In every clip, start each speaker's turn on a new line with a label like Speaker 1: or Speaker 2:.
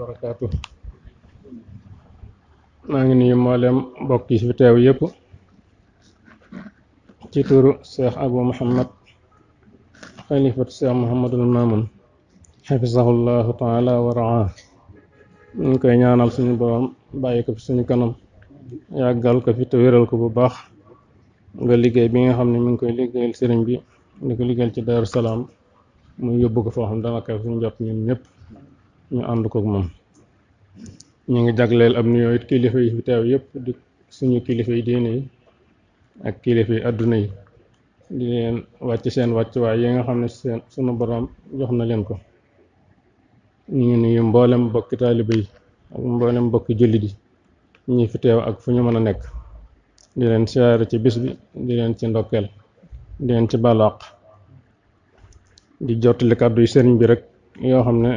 Speaker 1: barakaatu maa ngi nuyu mboolem mbokk yi fi teew yëpp ci turu Cheikh Abou Mouhamed xalifatu Cheikh Mouhamadul Mamoun xafisahullahu taala wa raa ñu koy ñaanal suñu borom bàyyi ko fi suñu kanam yàggal ko fi te ko bu baax nga liggéey bi nga xam ne mi ngi koy liggéeyal sëriñ bi di ko liggéeyal ci Daaru Salaam muy yóbbu ko foo xam dana kaw suñu jot ñun ñu ànd koog moom ñu ngi jagleel am nuyoo it kilifa yi fi teew di suñu kilifa yi diine yi ak kilifa yi àdduna yi di leen wàcc seen wàccuwaay yi nga xam ne seen sunu borom jox na leen ko ñu ngi nuyu mboolem bokki taaliba yi ak mboolem bokki jullit yi ñi fi teew ak fu ñu mën a nekk di leen siyaare ci bis bi di leen ci ndokkeel di leen ci balaq di jottali kàddu yi sëriñ bi rek yoo xam ne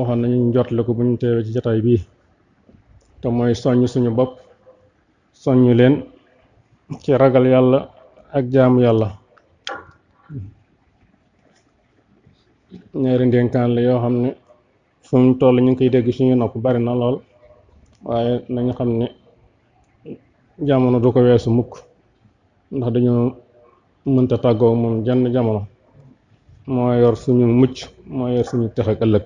Speaker 1: waxoon nañu njort la ko buñu téwé ci jotaay bi te moy soñu suñu bop soñu len ci ragal yalla ak jaamu yalla ñaari ndenkan la yo xam ne fu mu toll ñu koy dégg suñu nopp bari na lool waaye nañu xam jamono du ko wessu mukk ndax dañoo mënta taggo mom jann jamono moo yor suñu mucc moo yor suñu tex ëllëg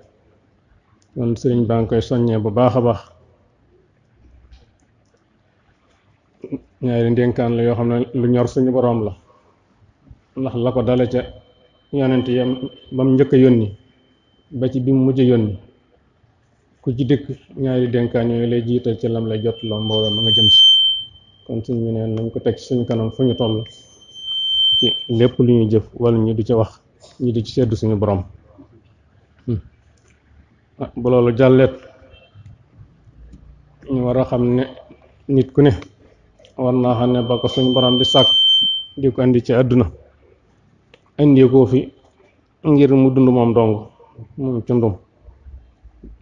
Speaker 1: kon sëriñ baa ngi koy soññee bu baax a baax ñaari ndénkaan la yoo xam ne lu ñor suñu borom la ndax la ko dale ca yonent yam ba ya, mu njëkk a yónni ba ci bi mu mujj yónni ku ci dëkk ñaari dénkaan yooyu lay jiital ci lam lay jot loo mbooloo ma nga jëm si kon suñ ñu ya, neen nañ ko teg suñu kanam fu ñu toll ci lépp lu ñuy jëf wala ñu di ca wax ñu di ci seddu suñu borom bu loolu jàlleet ñu war a xam ne nit ku ne war naa xam ne ba ko suñ borom di sàkk di ko indi ci àdduna indi ko fi ngir mu dund moom dong moom ci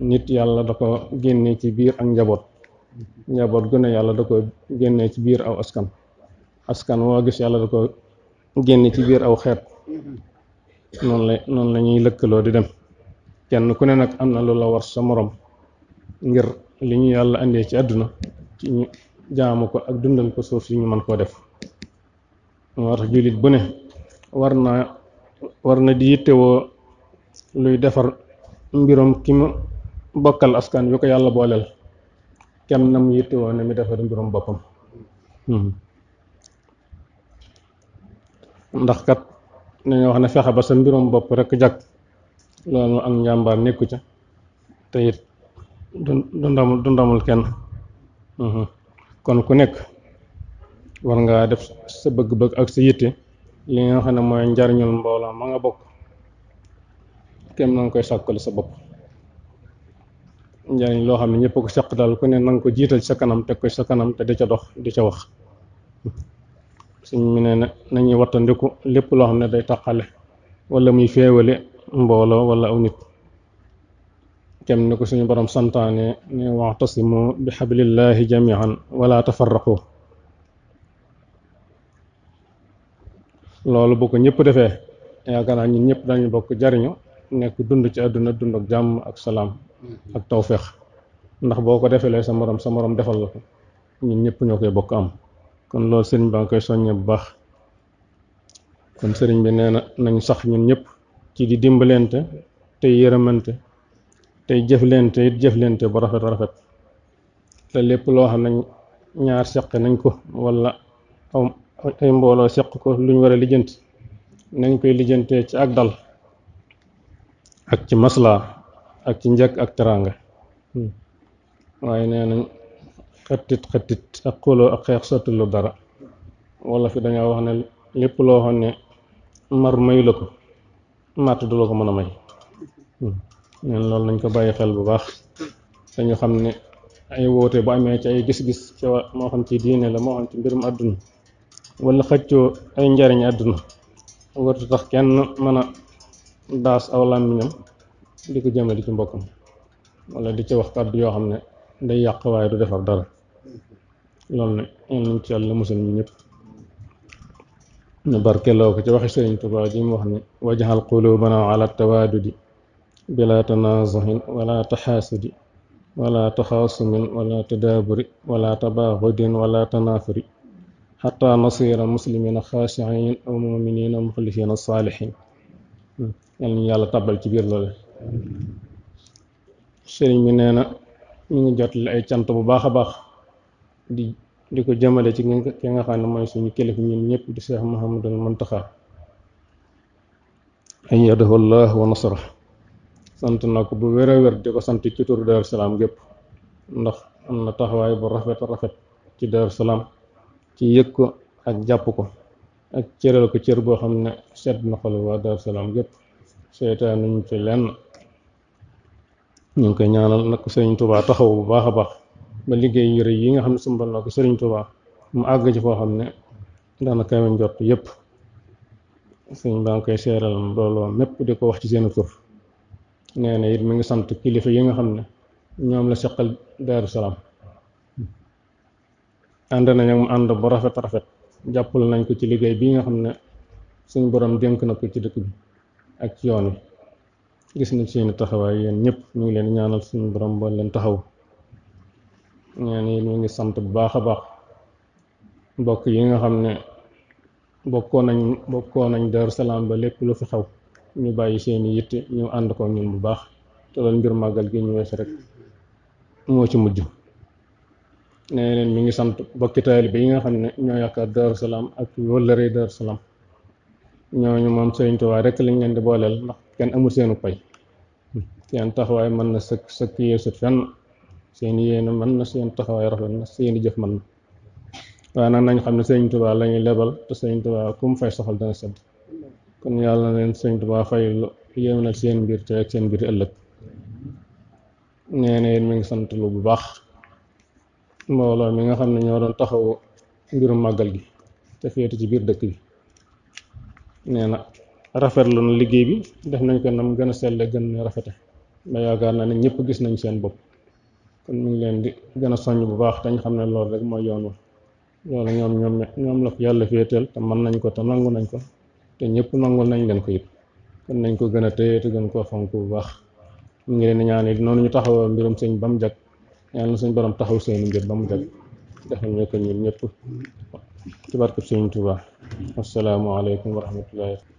Speaker 1: nit yàlla da ko génne ci biir ak njaboot njaboot gu ne yàlla da ko génne ci biir aw askan askan woo gis yàlla da ko génne ci biir aw xeet noonu la noonu la ñuy lëkkaloo di dem kenn ku ne nag am na lu la war sa morom ngir li ñu yàlla indee ci àdduna ci ñu jaamu ko ak dundal ko suuf si ñu mën koo def moo tax jullit bu ne war na war na di luy defar mbirum ki mu bokkal askan wi ko yàlla booleel kenn na mu yittewoo ne mi defar mbirum boppam hmm. ndax kat nañu wax ne fexe ba sa mbirum bopp rekk jàkk loolu ak njàmbaar nekku ca te it du ndamul du ndamul kenn mhm. kon ku nekk war ngaa def sa bëgg-bëgg ak sa yitte li nga xam ne mooy njariñul mbooloo ma nga bokk kenn na nga koy sàkkale sa bopp njariñ loo xam ne ñëpp ko sàq dal ku ne na nga ko jiital sa kanam teg ko sa kanam te di ca dox di ca wax suñ mu ne nañuy wattandiku lépp loo xam ne day taqale wala muy féewale mbolo wala aw nit kem ni ko suñu borom santaane ne waxtasimu bi xablillahi jamian wala tafarraqu lolou bu ko ñëpp defee yaakaar naa ñun ñëpp dañu bokk jariñu nek dund ci aduna dund ak jamm ak salam ak tawfiq ndax boko defé lay sa morom sa morom defal lako ko ñun ñëpp ñoo koy bokk am kon lolou sëriñ baa koy bu baax kon sëriñ bi neena na sax ñun ñepp ci di dimbalente tey yërëmante tey jëflente it jëflente bu rafet rafet te lépp loo xam ne ñaar seq nañ ko wala ay mbooloo seq ko luñ war a lijjanti nañ koy lijjantee ci ak dal ak ci masla ak ci njëkk ak teraanga hmm. waaye nee nañ xëttit xëttit ak xuloo ak xeex sottalu dara wala fi dañoo wax ne lépp loo xam ne mar mayu la ko mat du lo ko mëna may hmm. ñen lool nañ ko bàyyi xel bu baax dañu xam ne ay woote bu amé ci ay gis-gis ci mo xam ci diiné la mo xam ci mbirum àdduna wala xëccoo ay ndariñ àdduna wartu tax kenn mëna daas aw làmmiñam di ko jëmale ci mbokam wala di ci wax kàddu yoo xam ne day yaq way du defar dara lool ne ñu ci yalla musul ñepp نبارك الله فيك وخي سيرن توبا دي مخني قلوبنا على التوادد بلا تنازه ولا تحاسد ولا تخاصم ولا تدابر ولا تباغض ولا تنافر حتى نصير مسلمين خاشعين ومؤمنين مخلصين الصالحين يعني يلا تبل كبير بير لول سيرن مي لاي تانت بو باخا di ko jëmale ci ki nga xam ne mooy suñu kilifa ñun ñëpp di cheikh al muntaha an yadahu allah wa nasra sant na ko bu wér a wér di ko sant ci turu dar salaam gépp ndax am na taxawaay bu rafet rafet ci dar salaam ci yëg ko ak jàpp ko ak cëral ko cër boo xam ne sedd na xol waa dar salaam gépp seytaan ñu ci lenn ñu ngi koy ñaanal nag sëriñ tubaa taxaw bu baax a baax ba liggéey yu rëy yi nga xam ne sumbal na ko Serigne Touba mu àgg ci foo xam ne daana kay wañ jot yëpp Serigne baa ngi koy seeral loolu mépp di ko wax ci seen tur nee na it mi ngi sant kilifa yi nga xam ne ñoom la seqal Daaru Salaam ànd nañ ak mu ànd rafet rafet jàppale nañ ko ci liggéey bi nga xam ne suñ borom dénk na ko ci dëkk bi ak ci yoon wi gis ci seen taxawaay yéen ñëpp ñu ngi leen ñaanal suñu borom boo leen taxaw nee ni ñu ngi sant bu baax a baax mbokk yi nga xam ne bokkoo nañ bokkoo nañ Daaru Salaam ba lépp lu fi xew ñu bàyyi seeni yitte ñu ànd ko ñun bu baax te loolu mbir màggal gi ñu wees rek moo ci mujj nee leen mi ngi sant bokki taalibe yi nga xam ne ñoo yaakaar Daaru Salaam ak wëllëre Daaru Salaam ñooñu moom Sëriñ Tuubaa rek lañ leen di booleel ndax kenn amul seenu pay seen taxawaay mën na sëkk sëkk yeesut fenn seen yéene man na seen taxawaay rafet na seen i jëf mën na waaye nag nañ xam ne sëñ Tuubaa la ñuy lebal te sëñ Tuubaa kum fay soxal dana sedd kon yàlla na leen sëñ Tuubaa fay lu yéem nag seen mbir te ak seen mbir ëllëg nee na yéen mi ngi sant lu bu baax mbooloo mi nga xam ne ñoo doon taxaw mbirum màggal gi te féete ci biir dëkk bi nee na rafetlu na liggéey bi def nañ ko nam gën a selle gën a rafete ba yaakaar naa ne ñëpp gis nañ seen bopp kon ñu ngi leen di gën a soññ bu baax dañ xam ne loolu rek mooy yoon wa loolu ñoom ñoom ñoom la ko yàlla féetal te man nañ ko te nangu nañ ko te ñëpp nangul nañ leen ko it kon nañ ko gën a téye te gën koo fonk bu baax mu ngi leen di ñaan it noonu ñu taxawoo mbirum sëñ ba mu jag ñaan na suñ borom taxaw seeni mbir ba mu jag defal ñu ko ñun ñëpp ci barkeb sëñ Tuubaa assalaamu aleykum wa rahmatullahi